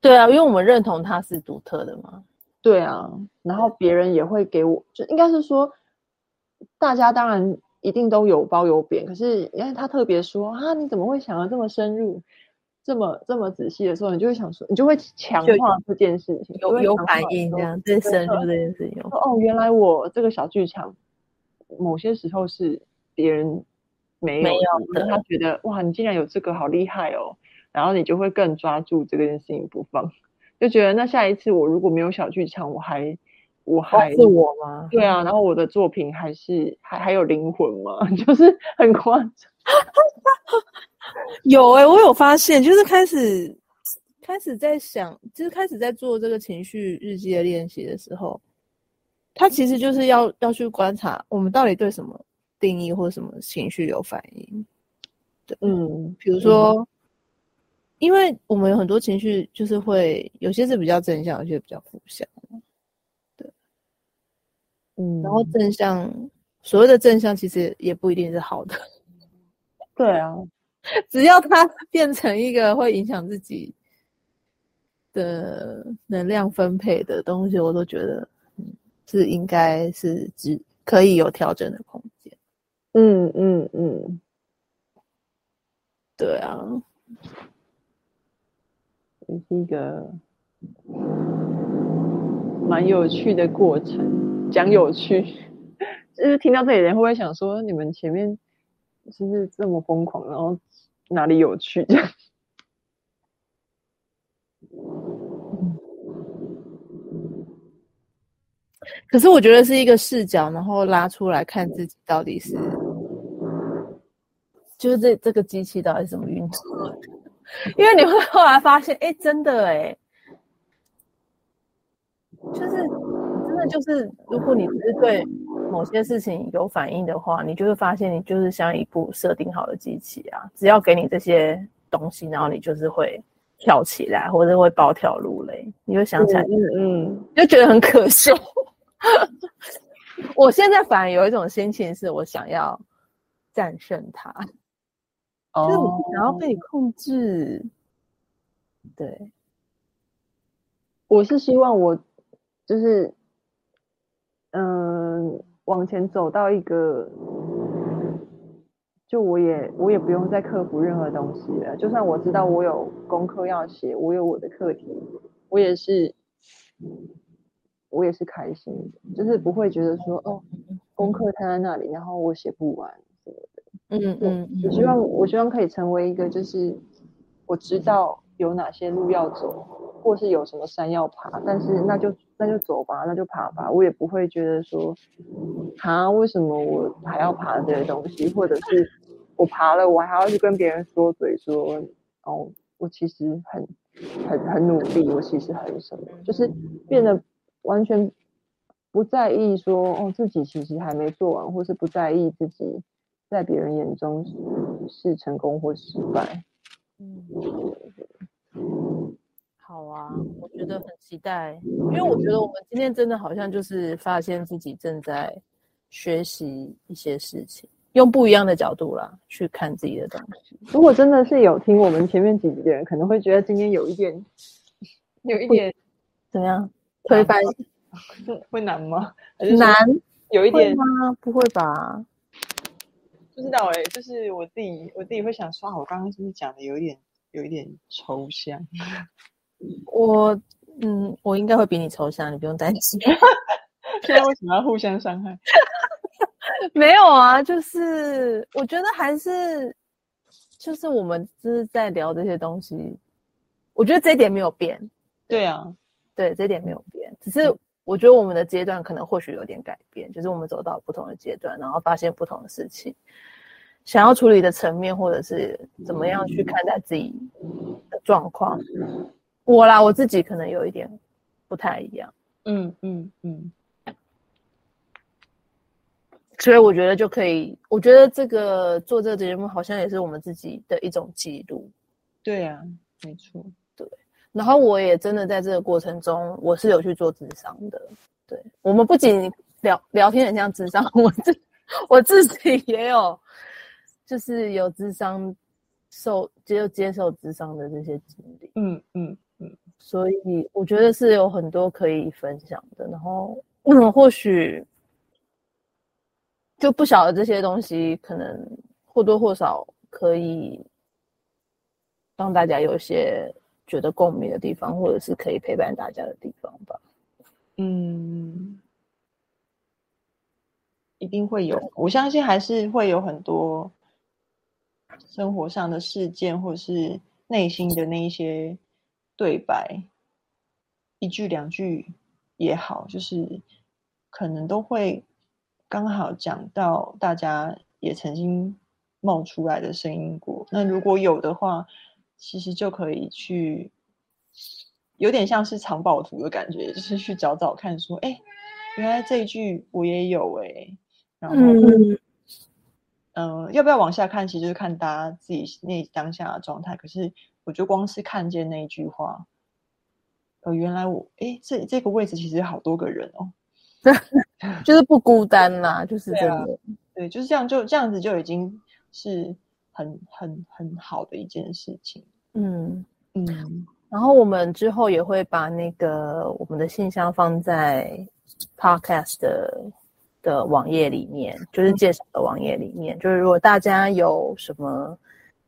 對啊，因為我們認同它是獨特的嘛，對啊，然後別人也會給我，就應該是說，大家當然一定都有褒有貶，可是因為他特別說啊，你怎麼會想的這麼深入？這麼這麼仔細的時候，你就會想說，你就會強化這件事情，有有，有反應這樣，自身做這件事情。哦，原來我這個小劇場，某些時候是別人沒有，沒有他覺得哇，你竟然有這個，好厲害哦！然後你就會更抓住這件事情不放，就覺得那下一次我如果沒有小劇場，我還我還是我嗎？對啊，然後我的作品還是還還有靈魂嗎？就是很誇張。 有哎、欸，我有發現，就是開始開始在想，就是開始在做這個情緒日記的練習的時候，他其實就是要要去觀察我們到底對什麼定義，或什麼情緒有反應。對，嗯，比如說，嗯、因為我們有很多情緒，就是會有些是比較正向，有些比較負向。對，嗯，然後正向所謂的正向，其實也不一定是好的。對啊。 只要它變成一個會影響自己的能量分配的東西，我都覺得是應該是只可以有調整的空間。嗯嗯嗯，對啊，也是一個蠻有趣的過程，講有趣， 就是聽到這裡的人會不會想說，你們前面就是這麼瘋狂，然後。哪裡有趣？ 可是我覺得是一個視角，然後拉出來看自己到底是，就是這這個機器到底是怎麼運作？ 因為你會後來發現，哎、欸，真的哎、欸，就是真的就是，如果你只是對某些事情有反應的話，你就會發現你就是像一部設定好的機器啊！只要給你這些東西，然後你就是會跳起來，或者會暴跳如雷，你就想起來，嗯嗯、嗯，就覺得很可笑。 我現在反而有一種心情，是我想要戰勝它，哦，就是我想要被你控制。對，我是希望我就是，嗯、呃。往前走到一個，就我也我也不用再克服任何東西了。就算我知道我有功課要寫，我有我的課題，我也是，我也是開心的，就是不會覺得說，哦，功課攤在那裡，然後我寫不完什麼的。嗯嗯，我希望我希望可以成為一個，就是我知道。有哪些路要走，或是有什麼山要爬，但是那就那就走吧，那就爬吧，我也不會覺得說，啊，為什麼我還要爬這些東西，或者是我爬了，我還要去跟別人說嘴，說哦，我其實很很很努力，我其實很什麼，就是變得完全不在意說哦，自己其實還沒做完，或是不在意自己在別人眼中是成功或失敗。嗯，好啊，我覺得很期待，因為我覺得我們今天真的好像就是發現自己正在學習一些事情，用不一樣的角度啦，去看自己的東西。如果真的是有聽我們前面幾集的人，可能會覺得今天有一點，有一點怎樣，推翻，難 會難嗎？難，有一點嗎？不會吧？不知道哎、欸，就是我自己，我自己會想說，我剛剛是不是講的有一點，有一點，有點抽象。我，嗯，我應該會比你抽象，你不用擔心。 現在為什麼要互相傷害？ 沒有啊，就是我覺得還是，就是我們是在聊這些東西。我覺得這一點沒有變，對。對啊，對，這一點沒有變，只是。嗯我覺得我們的階段可能或許有點改變，就是我們走到不同的階段，然後發現不同的事情，想要處理的層面，或者是怎麼樣去看待自己的狀況。我啦，我自己可能有一點不太一樣，嗯嗯嗯。所以我覺得就可以，我覺得這個做這個節目好像也是我們自己的一種記錄。對啊，沒錯。然後我也真的在這個過程中，我是有去做諮商的。對我們不僅聊聊天很像諮商，我自我自己也有，就是有諮商受就接受諮商的這些經歷。嗯嗯嗯，所以我覺得是有很多可以分享的。然後、嗯、或許就不曉得這些東西，可能或多或少可以讓大家有些。覺得共鳴的地方，或者是可以陪伴大家的地方吧。嗯，一定會有，我相信還是會有很多生活上的事件，或是內心的那一些對白，一句兩句也好，就是可能都會剛好講到大家也曾經冒出來的聲音過。那如果有的話。其實就可以去，有點像是藏寶圖的感覺，就是去找找看，說，哎，原來這一句我也有哎，然後，嗯、呃，要不要往下看？其實就是看大家自己那當下的狀態。可是我就光是看見那一句話，哦、呃，原來我，哎，這這個位置其實有好多個人哦， 就是不孤單啦、啊，就是、這個、對啊，對，就是這樣，就這樣子就已經是。很很很好的一件事情，嗯嗯，然後我們之後也會把那個我們的信箱放在 Podcast 的的網頁裡面，就是介紹的網頁裡面，嗯，就是如果大家有什麼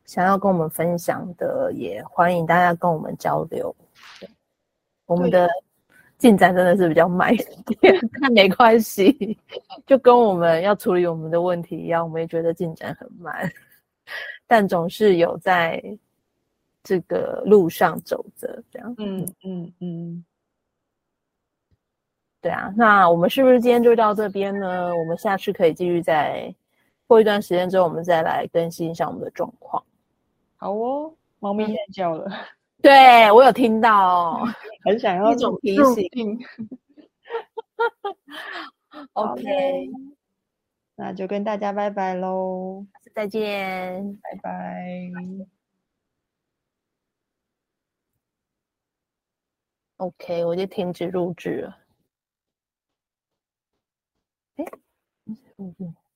想要跟我們分享的，也歡迎大家跟我們交流。對。我們的進展真的是比較慢， 但沒關係，就跟我們要處理我們的問題一樣，我們也覺得進展很慢。但總是有在這個路上走着，這樣。嗯嗯嗯，對啊。那我們是不是今天就到這邊呢？我們下次可以繼續再過一段時間之後，我們再來更新一下我們的狀況。好哦，貓咪在叫了。對，我有聽到，很想要一種提醒。 OK。那就跟大家拜拜嘍，下次再見，拜拜。拜拜 OK，我就停止錄制了。哎、欸，